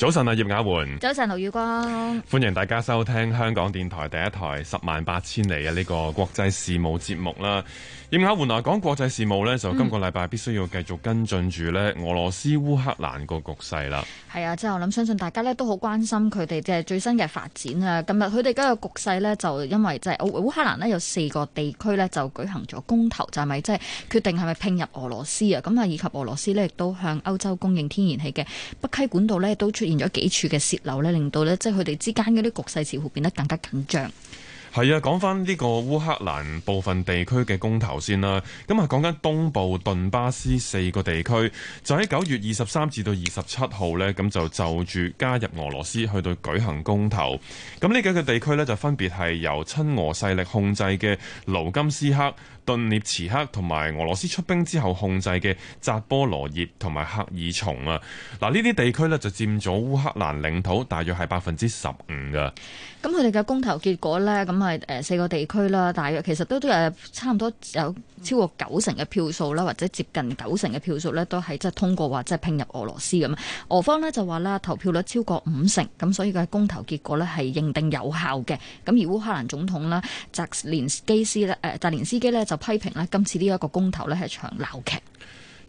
早晨啊，葉雅媛。早晨，盧宇光。歡迎大家收聽香港電台第一台十萬八千里嘅呢個國際事務節目啦。葉雅媛啊，嚟講國際事務呢，就今個禮拜必須要繼續跟進住呢俄羅斯烏克蘭個局勢啦。係、嗯、啊，即係我諗，相信大家呢都好關心佢哋即係最新嘅發展啊。今日佢哋家嘅局勢呢，就因為即係烏克蘭呢有四個地區呢就舉行咗公投，就係咪即係決定係咪併入俄羅斯啊？咁啊，以及俄羅斯呢亦都向歐洲供應天然氣嘅北溪管道呢都出現。變咗幾處嘅泄漏咧，令到咧即係佢哋之間嗰啲局勢似乎變得更加緊張。係啊，講翻呢個烏克蘭部分地區嘅公投先啦。咁啊，講緊東部頓巴斯四個地區，就喺九月二十三至到二十七號呢，咁就就住加入俄羅斯去到舉行公投。咁呢幾個地區呢，就分別係由親俄勢力控制嘅盧金斯克。頓涅茨克同埋俄羅斯出兵之後控制嘅扎波羅熱同埋赫爾松啊！嗱，呢啲地區呢就佔咗烏克蘭領土大約係百分之十五噶。咁佢哋嘅公投結果呢，咁係誒四個地區啦，大約其實都都有差唔多有超過九成嘅票數啦，或者接近九成嘅票數呢都係即係通過或即係拼入俄羅斯咁。俄方呢就話啦，投票率超過五成，咁所以佢嘅公投結果呢係認定有效嘅。咁而烏克蘭總統啦，澤連斯基斯咧，誒、呃、澤連斯基咧。就批評咧，今次呢一個公投咧係場鬧劇。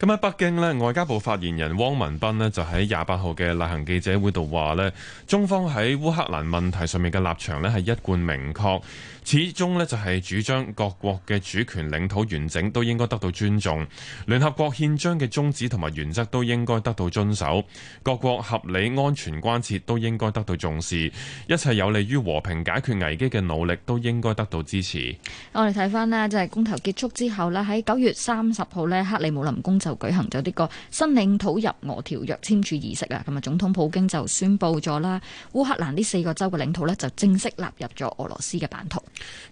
咁喺北京咧，外交部發言人汪文斌咧就喺廿八號嘅例行記者會度話咧，中方喺烏克蘭問題上面嘅立場咧係一貫明確。始終呢，就係主張，各國嘅主權領土完整都應該得到尊重；聯合國憲章嘅宗旨同埋原則都應該得到遵守；各國合理安全關切都應該得到重視；一切有利於和平解決危機嘅努力都應該得到支持。我哋睇翻啦，就係公投結束之後呢，喺九月三十號呢，克里姆林宮就舉行咗呢個新領土入俄條約簽署儀式啊。咁啊，總統普京就宣布咗啦，烏克蘭呢四個州嘅領土呢，就正式納入咗俄羅斯嘅版圖。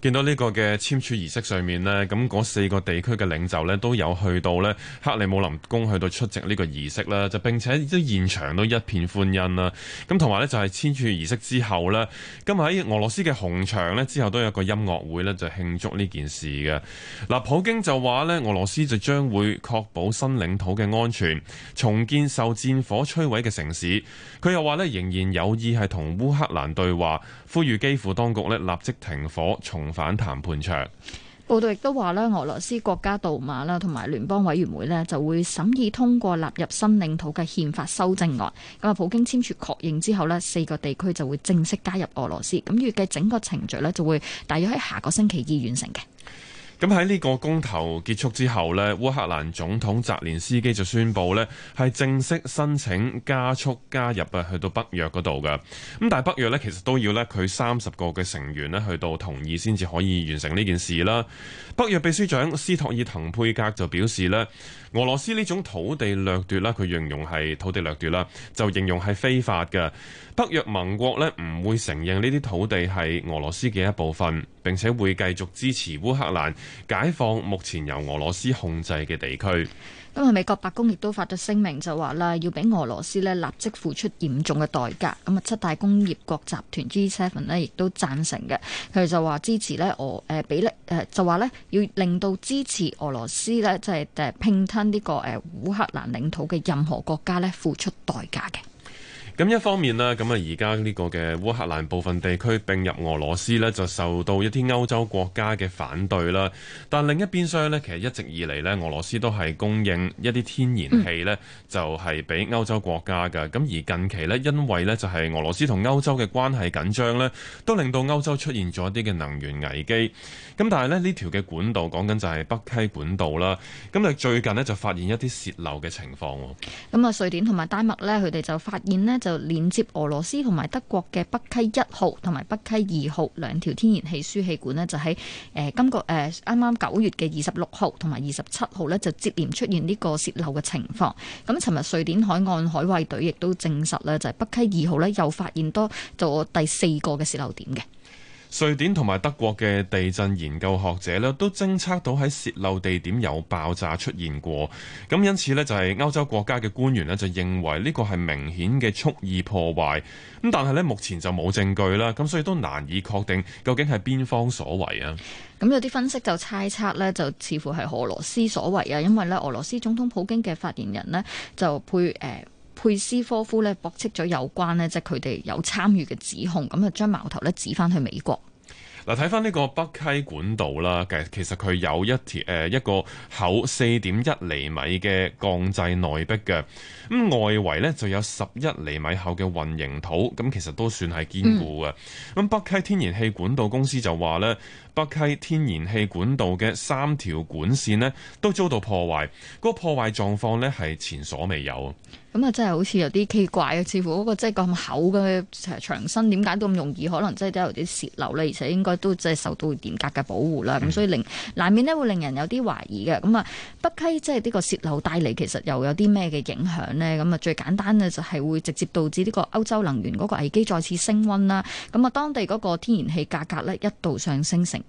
見到呢個嘅簽署儀式上面呢，咁嗰四個地區嘅領袖呢，都有去到呢克里姆林宮去到出席呢個儀式啦，就並且都現場都一片歡欣啦。咁同埋呢，就係簽署儀式之後呢，今日喺俄羅斯嘅紅場呢，之後都有個音樂會呢，就慶祝呢件事嘅。嗱，普京就話呢，俄羅斯就將會確保新領土嘅安全，重建受戰火摧毀嘅城市。佢又話呢，仍然有意係同烏克蘭對話，呼籲基輔當局呢立即停火。重返談判場。報道亦都話咧，俄羅斯國家杜馬啦，同埋聯邦委員會咧，就會審議通過納入新領土嘅憲法修正案。咁啊，普京簽署確認之後咧，四個地區就會正式加入俄羅斯。咁預計整個程序咧，就會大約喺下個星期二完成嘅。咁喺呢個公投結束之後，呢烏克蘭總統澤連斯基就宣布呢，係正式申請加速加入啊，去到北約嗰度噶。咁但係北約呢，其實都要呢佢三十個嘅成員呢去到同意先至可以完成呢件事啦。北約秘書長斯托爾滕佩格就表示呢，俄羅斯呢種土地掠奪啦，佢形容係土地掠奪啦，就形容係非法嘅。北約盟國呢唔會承認呢啲土地係俄羅斯嘅一部分。並且會繼續支持烏克蘭解放目前由俄羅斯控制嘅地區。咁啊，美國白宮亦都發咗聲明就話啦，要俾俄羅斯咧立即付出嚴重嘅代價。咁啊，七大工業國集團 G7 咧亦都贊成嘅。佢就話支持咧俄誒俾咧誒就話咧要令到支持俄羅斯咧就係、是、誒併吞呢、這個誒、呃、烏克蘭領土嘅任何國家咧付出代價嘅。咁一方面呢，咁啊而家呢個嘅烏克蘭部分地區併入俄羅斯咧，就受到一啲歐洲國家嘅反對啦。但另一邊廂咧，其實一直以嚟，咧，俄羅斯都係供應一啲天然氣咧，就係俾歐洲國家噶。咁而近期咧，因為咧就係俄羅斯同歐洲嘅關係緊張咧，都令到歐洲出現咗一啲嘅能源危機。咁但係咧，呢條嘅管道講緊就係北溪管道啦。咁啊最近咧就發現一啲泄漏嘅情況，咁啊瑞典同埋丹麥咧，佢哋就發現咧就。就連接俄羅斯同埋德國嘅北溪一號同埋北溪二號兩條天然氣輸氣管呢，就喺誒今個誒啱啱九月嘅二十六號同埋二十七號呢，就接連出現呢個泄漏嘅情況。咁尋日瑞典海岸海衞隊亦都證實呢，就係北溪二號呢，又發現多咗第四個嘅泄漏點嘅。瑞典同埋德國嘅地震研究學者咧，都偵測到喺洩漏地點有爆炸出現過，咁因此咧就係歐洲國家嘅官員咧就認為呢個係明顯嘅蓄意破壞，咁但係咧目前就冇證據啦，咁所以都難以確定究竟係邊方所為啊，咁有啲分析就猜測咧，就似乎係俄羅斯所為啊，因為咧俄羅斯總統普京嘅發言人咧就配誒。呃佩斯科夫咧駁斥咗有關呢即係佢哋有參與嘅指控，咁啊將矛頭咧指翻去美國。嗱，睇翻呢個北溪管道啦，其實佢有一條誒一個厚四點一厘米嘅鋼製內壁嘅，咁外圍咧就有十一厘米厚嘅混凝土，咁其實都算係堅固嘅。咁、嗯、北溪天然氣管道公司就話咧。北溪天然氣管道嘅三條管線咧，都遭到破壞。個破壞狀況咧係前所未有。咁啊，真係好似有啲奇怪啊！似乎嗰個即係咁厚嘅牆身，點解都咁容易？可能真係都有啲洩漏呢？而且應該都即係受到嚴格嘅保護啦。咁、嗯、所以令難免咧會令人有啲懷疑嘅。咁啊，北溪即係呢個洩漏帶嚟，其實又有啲咩嘅影響呢？咁啊，最簡單嘅就係會直接導致呢個歐洲能源嗰個危機再次升溫啦。咁啊，當地嗰個天然氣價格呢一度上升成。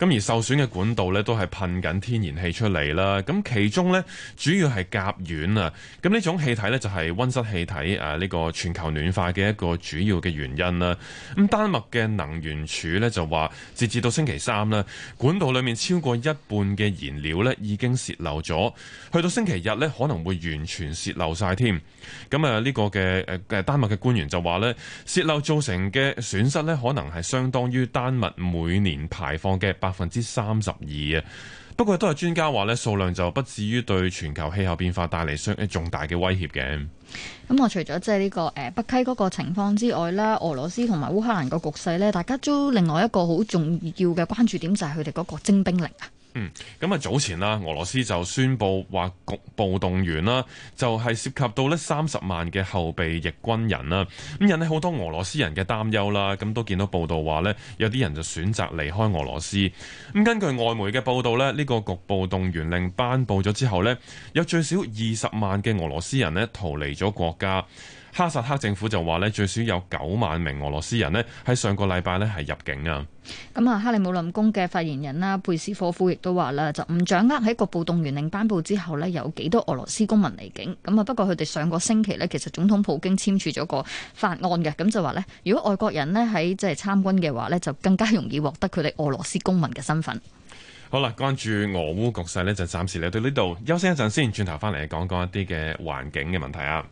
咁而受損嘅管道呢，都係噴緊天然氣出嚟啦，咁其中呢，主要係甲烷啊，咁呢種氣體呢，就係溫室氣體啊。呢、呢個全球暖化嘅一個主要嘅原因啦。咁丹麥嘅能源署呢，就話，截至到星期三啦，管道裏面超過一半嘅燃料呢已經泄漏咗，去到星期日呢，可能會完全泄漏晒添。咁啊呢個嘅誒誒丹麥嘅官員就話呢，泄漏造成嘅損失呢，可能係相當於丹麥每年排放嘅百分之三十二啊，不過都係專家話咧，數量就不至於對全球氣候變化帶嚟相重大嘅威脅嘅。咁我除咗即係呢個誒北溪嗰個情況之外呢，俄羅斯同埋烏克蘭個局勢咧，大家都另外一個好重要嘅關注點就係佢哋嗰個徵兵令啊。嗯，咁啊早前啦，俄羅斯就宣布話局部動員啦，就係涉及到呢三十萬嘅後備役軍人啦，咁引起好多俄羅斯人嘅擔憂啦，咁都見到報道話呢，有啲人就選擇離開俄羅斯。咁根據外媒嘅報道呢，呢個局部動員令頒布咗之後呢，有最少二十萬嘅俄羅斯人呢，逃離咗國家。哈薩克政府就話咧，最少有九萬名俄羅斯人咧，喺上個禮拜咧係入境啊！咁啊，克里姆林宮嘅發言人啦，佩斯科夫亦都話啦，就唔掌握喺局部動員令頒布之後咧，有幾多俄羅斯公民離境。咁啊，不過佢哋上個星期咧，其實總統普京簽署咗個法案嘅，咁就話咧，如果外國人咧喺即係參軍嘅話咧，就更加容易獲得佢哋俄羅斯公民嘅身份。好啦，關注俄烏局勢咧，就暫時嚟到呢度休息一陣先，轉頭翻嚟講講一啲嘅環境嘅問題啊。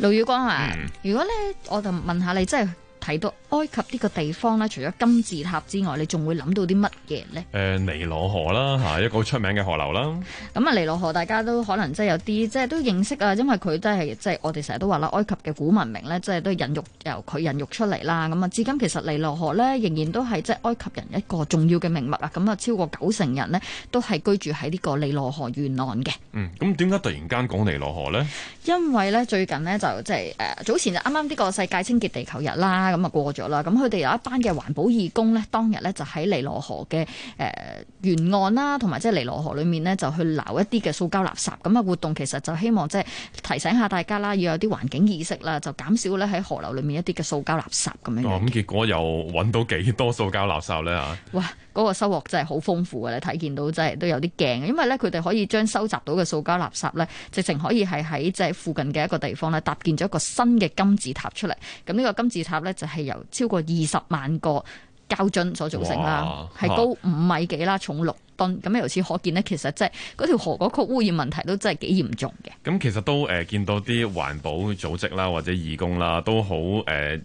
盧宇光啊，嗯、如果咧，我就問一下你，即係。睇到埃及呢個地方咧，除咗金字塔之外，你仲會諗到啲乜嘢呢？誒、呃、尼羅河啦，嚇 一個好出名嘅河流啦。咁、嗯、啊，尼羅河大家都可能即係有啲即係都認識啊，因為佢、就是就是、都係即係我哋成日都話啦，埃及嘅古文明咧，即、就、係、是、都孕育由佢孕育出嚟啦。咁、嗯、啊，至今其實尼羅河咧仍然都係即係埃及人一個重要嘅名物啊。咁、嗯、啊，超過九成人呢，都係居住喺呢個尼羅河沿岸嘅。嗯，咁點解突然間講尼羅河咧？因為咧最近呢，就即係誒早前就啱啱呢個世界清潔地球日啦。咁啊過咗啦，咁佢哋有一班嘅環保義工咧，當日咧就喺尼羅河嘅誒沿岸啦，同埋即係尼羅河裏面咧，就去撈一啲嘅塑膠垃圾。咁啊活動其實就希望即係提醒下大家啦，要有啲環境意識啦，就減少咧喺河流裏面一啲嘅塑膠垃圾咁樣。咁、嗯、結果又揾到幾多塑膠垃圾咧吓？哇嗰、那個收穫真係好豐富嘅，你睇見到真係都有啲驚，因為咧佢哋可以將收集到嘅塑膠垃圾咧，直情可以係喺即係附近嘅一個地方咧，搭建咗一個新嘅金字塔出嚟。咁呢個金字塔咧就係由超過二十萬個膠樽所組成啦，係高五米幾啦，重六。咁由此可見呢，其實即係嗰條河嗰個污染問題都真係幾嚴重嘅。咁其實都誒、呃、見到啲環保組織啦，或者義工啦，都好、呃、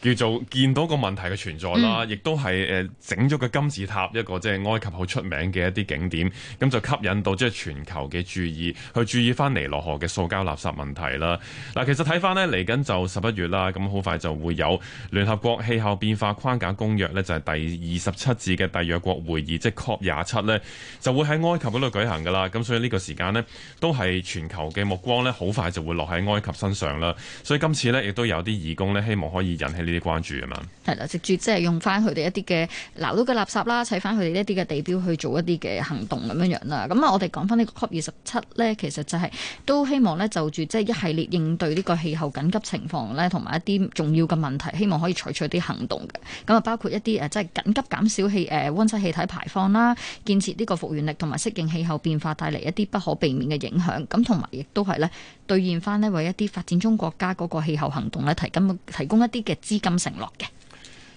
叫做見到個問題嘅存在啦，亦、嗯、都係、呃、整咗個金字塔，一個即係埃及好出名嘅一啲景點，咁就吸引到即係全球嘅注意去注意翻尼羅河嘅塑膠垃圾問題啦。嗱，其實睇翻呢嚟緊就十一月啦，咁好快就會有聯合國氣候變化框架公約呢，就係、是、第二十七次嘅締約國會議，即係 COP 廿七呢，就會喺埃及嗰度舉行噶啦，咁所以呢個時間呢，都係全球嘅目光呢，好快就會落喺埃及身上啦。所以今次呢，亦都有啲義工呢，希望可以引起呢啲關注啊嘛。係啦，直接即係用翻佢哋一啲嘅撈到嘅垃圾啦，砌翻佢哋一啲嘅地標去做一啲嘅行動咁樣樣啦。咁啊，我哋講翻呢個 COP 二十七呢，其實就係都希望呢，就住即係一系列應對呢個氣候緊急情況呢，同埋一啲重要嘅問題，希望可以採取一啲行動嘅。咁啊，包括一啲誒即係緊急減少氣誒温室氣體排放啦，建設、這、呢個復原力同埋適應氣候變化帶嚟一啲不可避免嘅影響，咁同埋亦都係咧兌現翻咧為一啲發展中國家嗰個氣候行動咧提供提供一啲嘅資金承諾嘅。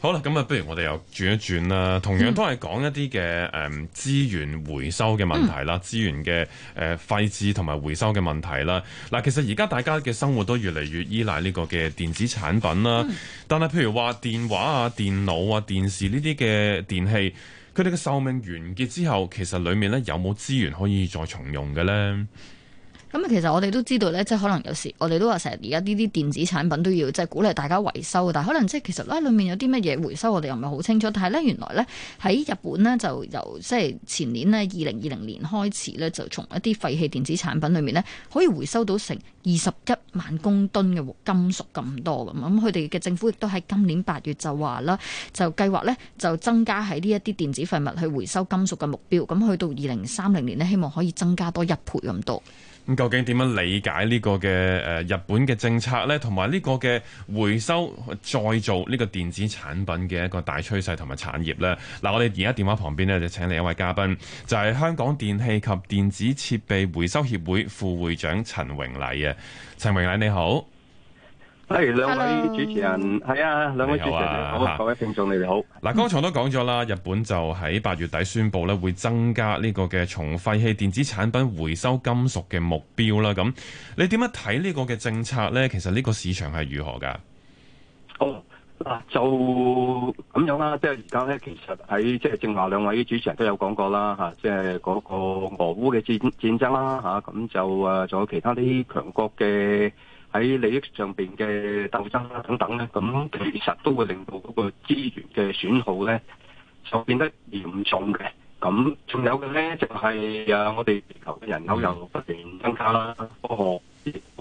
好啦，咁啊，不如我哋又轉一轉啦，同樣都係講一啲嘅誒資源回收嘅問題啦，資、嗯、源嘅誒廢置同埋回收嘅問題啦。嗱、嗯，其實而家大家嘅生活都越嚟越依賴呢個嘅電子產品啦、嗯，但係譬如話電話啊、電腦啊、電視呢啲嘅電器。佢哋嘅壽命完結之後，其實裡面呢有冇資源可以再重用嘅呢？咁其實我哋都知道咧，即係可能有時我哋都話成日而家呢啲電子產品都要即係鼓勵大家維修。但係可能即係其實咧，裏面有啲乜嘢回收，我哋又唔係好清楚。但係咧，原來咧喺日本咧，就由即係前年咧二零二零年開始咧，就從一啲廢棄電子產品裏面咧可以回收到成二十一萬公噸嘅金屬咁多咁。咁佢哋嘅政府亦都喺今年八月就話啦，就計劃咧就增加喺呢一啲電子廢物去回收金屬嘅目標。咁去到二零三零年呢，希望可以增加多一倍咁多。咁究竟點樣理解呢個嘅誒日本嘅政策呢？同埋呢個嘅回收再造呢個電子產品嘅一個大趨勢同埋產業呢？嗱，我哋而家電話旁邊呢，就請嚟一位嘉賓，就係香港電器及電子設備回收協會副會長陳榮禮啊，陳榮禮你好。係兩位主持人。係啊，兩位主持人，各位、啊、各位聽眾你哋好。嗱，啊，剛才都講咗啦，日本就喺八月底宣布咧，會增加呢個嘅從廢棄電子產品回收金屬嘅目標啦。咁你點樣睇呢個嘅政策咧？其實呢個市場係如何噶？哦，嗱，就咁樣啦，即係而家咧，其實喺即係正話兩位主持人都有講過啦，吓，即係嗰個俄烏嘅戰戰爭啦，吓，啊，咁就誒，仲有其他啲強國嘅。喺利益上邊嘅鬥爭啦，等等咧，咁其實都會令到嗰個資源嘅損耗咧，就變得嚴重嘅。咁仲有嘅咧，就係、是、誒我哋地球嘅人口又不斷增加啦，科學。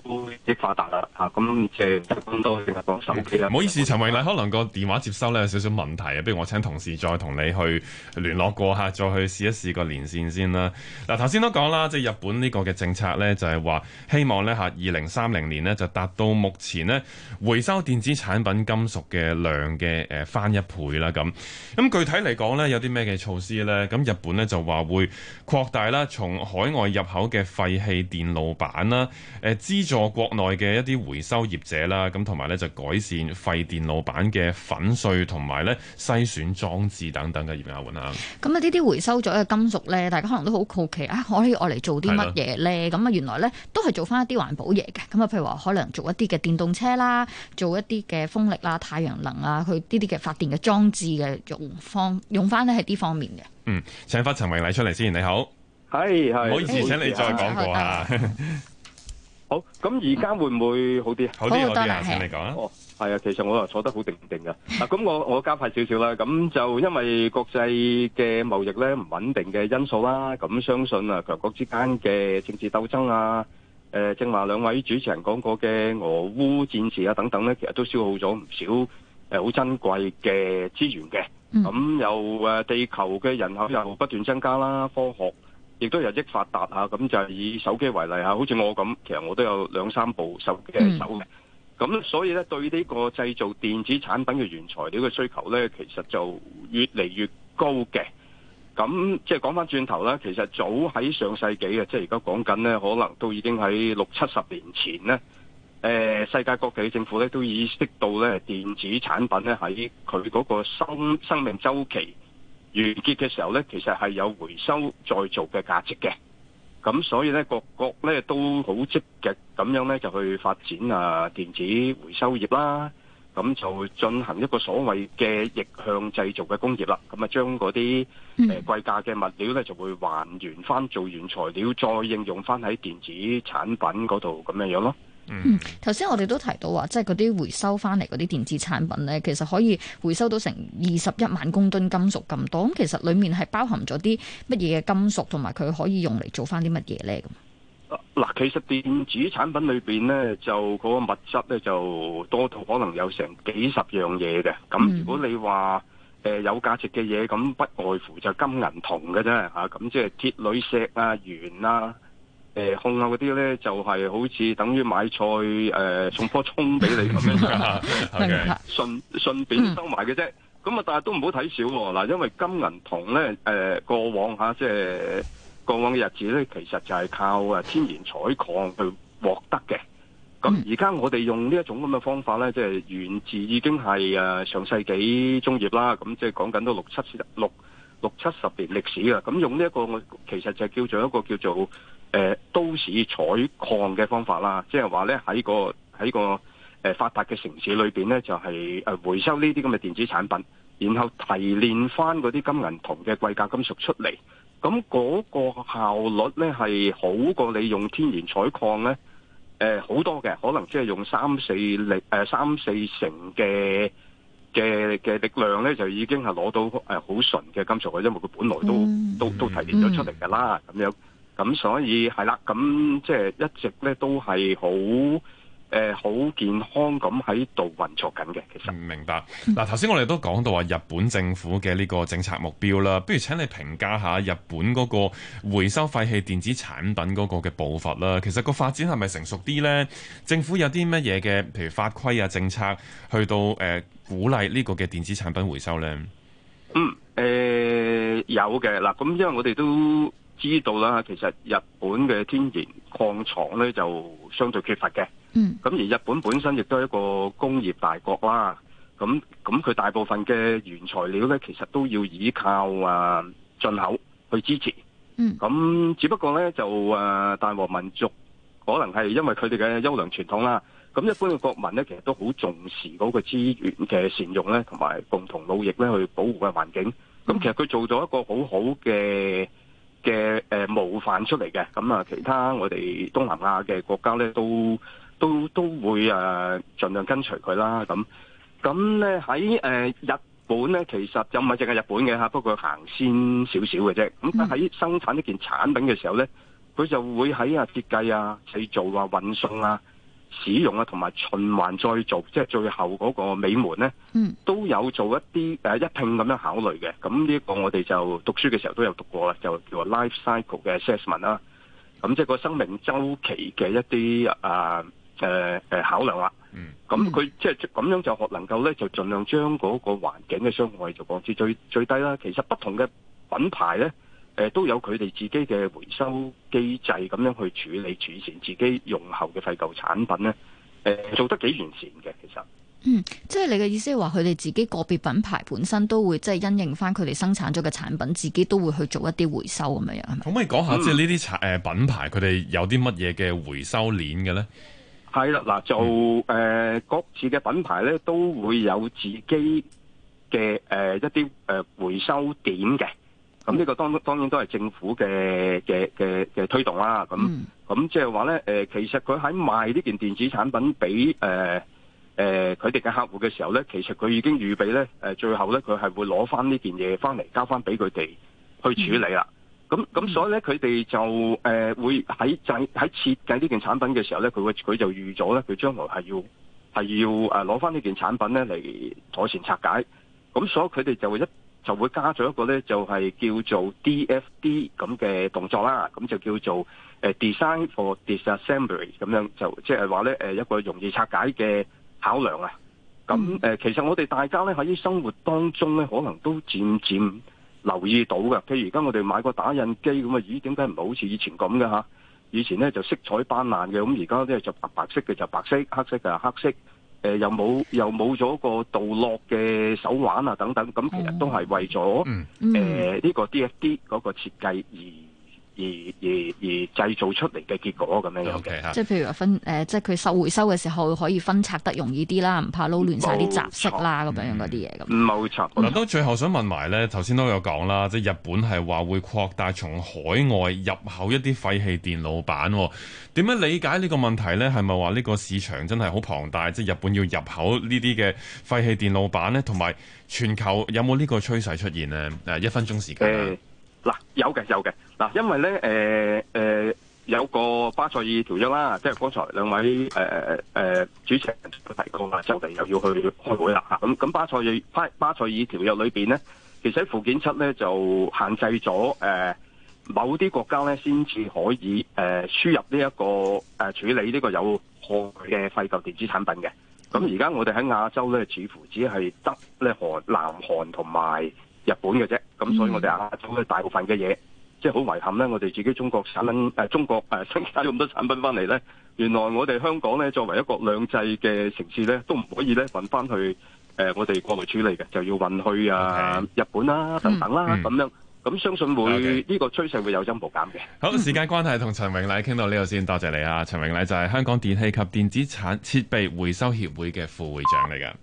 都啲發達啦吓，咁即係好多用個手機啦。唔好意思，陳榮禮可能個電話接收咧有少少問題，不如我請同事再同你去聯絡過吓，再去試一試個連線先啦。嗱，頭先都講啦，即係日本呢個嘅政策咧，就係話希望咧吓，二零三零年呢就達到目前呢回收電子產品金屬嘅量嘅誒翻一倍啦咁。咁具體嚟講咧，有啲咩嘅措施咧？咁日本咧就話會擴大啦，從海外入口嘅廢棄電路板啦，誒。資助國內嘅一啲回收業者啦，咁同埋咧就改善廢電路板嘅粉碎同埋咧篩選裝置等等嘅業務，換下。咁啊，呢啲回收咗嘅金屬咧，大家可能都好好奇啊，可以我嚟做啲乜嘢咧？咁啊，原來咧都係做翻一啲環保嘢嘅。咁啊，譬如話可能做一啲嘅電動車啦，做一啲嘅風力啦、太陽能啊，佢呢啲嘅發電嘅裝置嘅用方用翻咧係呢方面嘅。嗯，請翻陳榮禮出嚟先，你好，係係，唔好意思，好意思啊，請你再講過下。 好，咁而家會唔會好啲、嗯？好啲，好啲行、啊、請你講。哦，係啊，其實我啊坐得好定定噶。嗱、 啊，咁我我加快少少啦。咁就因為國際嘅貿易咧唔穩定嘅因素啦。咁相信啊，強國之間嘅政治鬥爭啊，誒、呃，正話兩位主持人講過嘅俄烏戰事啊等等咧，其實都消耗咗唔少誒，好珍貴嘅資源嘅。咁又誒，由地球嘅人口又不斷增加啦，科學。亦都日益發達啊！咁就係以手機為例嚇，好似我咁，其實我都有兩三部手機係手嘅。咁、mm. 所以咧，對呢個製造電子產品嘅原材料嘅需求咧，其實就越嚟越高嘅。咁即係講翻轉頭咧，其實早喺上世紀嘅，即係而家講緊咧，可能都已經喺六七十年前咧，誒世界各地政府咧都意識到咧，電子產品咧喺佢嗰個生生命周期完結嘅時候呢，其實係有回收再造嘅價值嘅，咁所以呢，各國呢都好積極咁樣呢，就去發展啊電子回收業啦，咁就進行一個所謂嘅逆向製造嘅工業啦，咁啊將嗰啲誒貴價嘅物料呢，就會還原翻做原材料，再應用翻喺電子產品嗰度咁樣樣咯。嗯，頭先我哋都提到話，即係嗰啲回收翻嚟嗰啲電子產品咧，其實可以回收到成二十一萬公噸金屬咁多，咁其實裏面係包含咗啲乜嘢嘅金屬，同埋佢可以用嚟做翻啲乜嘢咧？咁，嗱，其實電子產品裏邊咧，就嗰個物質咧就多到可能有成幾十樣嘢嘅。咁如果你話誒有價值嘅嘢，咁不外乎就金銀銅嘅啫吓，咁即係鐵鋁石啊、鉛啊。誒、呃，控下嗰啲咧就係、是、好似等於買菜，誒、呃、送棵蔥俾你咁樣啫，順 順順 便收埋嘅啫。咁、嗯、啊，但係都唔好睇少喎嗱，因為金銀銅咧，誒、呃、過往下即係過往嘅日子咧，其實就係靠啊天然採礦去獲得嘅。咁而家我哋用呢一種咁嘅方法咧，即、就、係、是、源自已經係啊上世紀中葉啦，咁即係講緊都六七六六七十年歷史啦。咁用呢、這、一個，我其實就叫做一個叫做。誒都市採礦嘅方法啦，即係話咧喺個喺個誒發達嘅城市裏面咧，就係誒回收呢啲咁嘅電子產品，然後提煉翻嗰啲金銀銅嘅貴價金屬出嚟。咁嗰個效率咧係好過你用天然採礦咧誒好多嘅，可能即係用三四力誒三四成嘅嘅嘅力量咧，就已經係攞到誒好純嘅金屬嘅，因為佢本來都、嗯、都都，都提煉咗出嚟㗎啦，咁樣。咁所以係啦，咁即係一直咧都係好誒，好、呃、健康咁喺度運作緊嘅。其實明白。嗱、嗯，啊、頭先我哋都講到話日本政府嘅呢個政策目標啦，不如請你評價下日本嗰個回收廢棄電子產品嗰個嘅步伐啦。其實個發展係咪成熟啲咧？政府有啲乜嘢嘅，譬如法規啊、政策，去到誒、呃、鼓勵呢個嘅電子產品回收咧？嗯，誒、呃、有嘅。嗱、啊，咁因為我哋都。知道啦，其實日本嘅天然礦藏咧就相對缺乏嘅。嗯。咁而日本本身亦都係一個工業大國啦。咁咁佢大部分嘅原材料咧，其實都要依靠啊進口去支持。嗯。咁只不過咧就誒、啊，大和民族可能係因為佢哋嘅優良傳統啦。咁一般嘅國民咧，其實都好重視嗰個資源嘅善用咧，同埋共同努力咧去保護嘅環境。咁、嗯、其實佢做咗一個好好嘅。嘅誒，模範出嚟嘅，咁啊，其他我哋東南亞嘅國家咧，都都都會啊，盡量跟隨佢啦。咁咁咧喺誒，日本咧，其實就唔係淨係日本嘅嚇，不過行先少少嘅啫。咁喺生產呢件產品嘅時候咧，佢就會喺啊設計啊製造啊運送啊。使用啊，同埋循環再做，即係最後嗰個尾門咧，都有做一啲誒一拼咁樣考慮嘅。咁呢一個我哋就讀書嘅時候都有讀過啦，就叫做 life cycle 嘅 assessment 啦。咁即係個生命周期嘅一啲啊，啊考量啦。咁佢即係咁樣就能夠咧，就盡量將嗰個環境嘅傷害就降至最最低啦。其實不同嘅品牌咧。誒，都有佢哋自己嘅回收機制咁樣去處理、儲存自己用後嘅廢舊產品呢誒，做得幾完善嘅，其實。嗯，即係你嘅意思係話，佢哋自己個別品牌本身都會即係因應翻佢哋生產咗嘅產品，自己都會去做一啲回收咁樣樣，係咪？可唔可以講下、嗯、即係呢啲誒品牌，佢哋有啲乜嘢嘅回收鏈嘅咧？係、嗯、啦，嗱，就誒，各自嘅品牌呢，都會有自己嘅誒一啲誒回收點嘅。咁呢個當然當然都係政府嘅嘅嘅嘅推動啦。咁咁即係話咧，其實佢喺賣呢件電子產品俾誒佢哋嘅客戶嘅時候咧，其實佢已經預備咧，最後咧佢係會攞翻呢件嘢翻嚟交翻俾佢哋去處理啦。咁、嗯、咁所以咧，佢哋就誒、呃、會喺製喺設計呢件產品嘅時候咧，佢會佢就預咗咧，佢將來係要係要誒攞翻呢件產品咧嚟妥善拆解。咁所以佢哋就會一。就會加咗一個咧，就係叫做 DFD 咁嘅動作啦，咁就叫做 design for disassembly 咁樣，就即係話咧一個容易拆解嘅考量啊。咁、嗯、其實我哋大家咧喺生活當中咧，可能都漸漸留意到嘅。譬如而家我哋買個打印機咁啊，咦？點解唔係好似以前咁嘅吓？以前咧就色彩斑斕嘅，咁而家咧就白白色嘅就白色，黑色嘅黑色。誒、呃，又冇又冇咗個道落嘅手腕啊等等，咁其實都係為咗誒呢個 DFD 嗰個設計而。而而而製造出嚟嘅結果咁樣樣嘅，即係譬如話分誒，即係佢收回收嘅時候可以分拆得容易啲啦，唔怕撈亂晒啲雜色啦咁樣嗰啲嘢咁。冇錯。嗱，都、嗯嗯、最後想問埋咧，頭先都有講啦，即係日本係話會擴大從海外入口一啲廢棄電路板，點樣理解呢個問題咧？係咪話呢個市場真係好龐大？即係日本要入口這些呢啲嘅廢棄電路板咧，同埋全球有冇呢個趨勢出現咧？誒，一分鐘時間。欸嗱，有嘅有嘅嗱，因為咧誒、呃呃、有個巴塞爾條約啦，即係剛才兩位誒誒、呃呃、主席提過啦，後地又要去開會啦吓。咁咁巴塞爾巴塞爾條約裏面咧，其實附件七咧就限制咗誒、呃、某啲國家咧先至可以誒、呃、輸入呢一個誒、呃、處理呢個有害嘅廢舊電子產品嘅。咁而家我哋喺亞洲咧，似乎只係得呢韓南韓同埋日本嘅啫，咁所以我哋亞洲嘅大部分嘅嘢，嗯，即係好遺憾咧。我哋自己中國產能，誒、呃，中國誒生產咗咁多產品翻嚟咧，原來我哋香港咧作為一國兩制嘅城市咧，都唔可以咧運翻去誒、呃，我哋國內處理嘅，就要運去啊、okay. 日本啦等等啦咁，嗯，樣。咁相信會呢、okay. 個趨勢會有增無減嘅。好，時間關係同陳榮禮傾到呢度先，多謝你啊，陳榮禮就係香港電器及電子產設備回收協會嘅副會長嚟噶。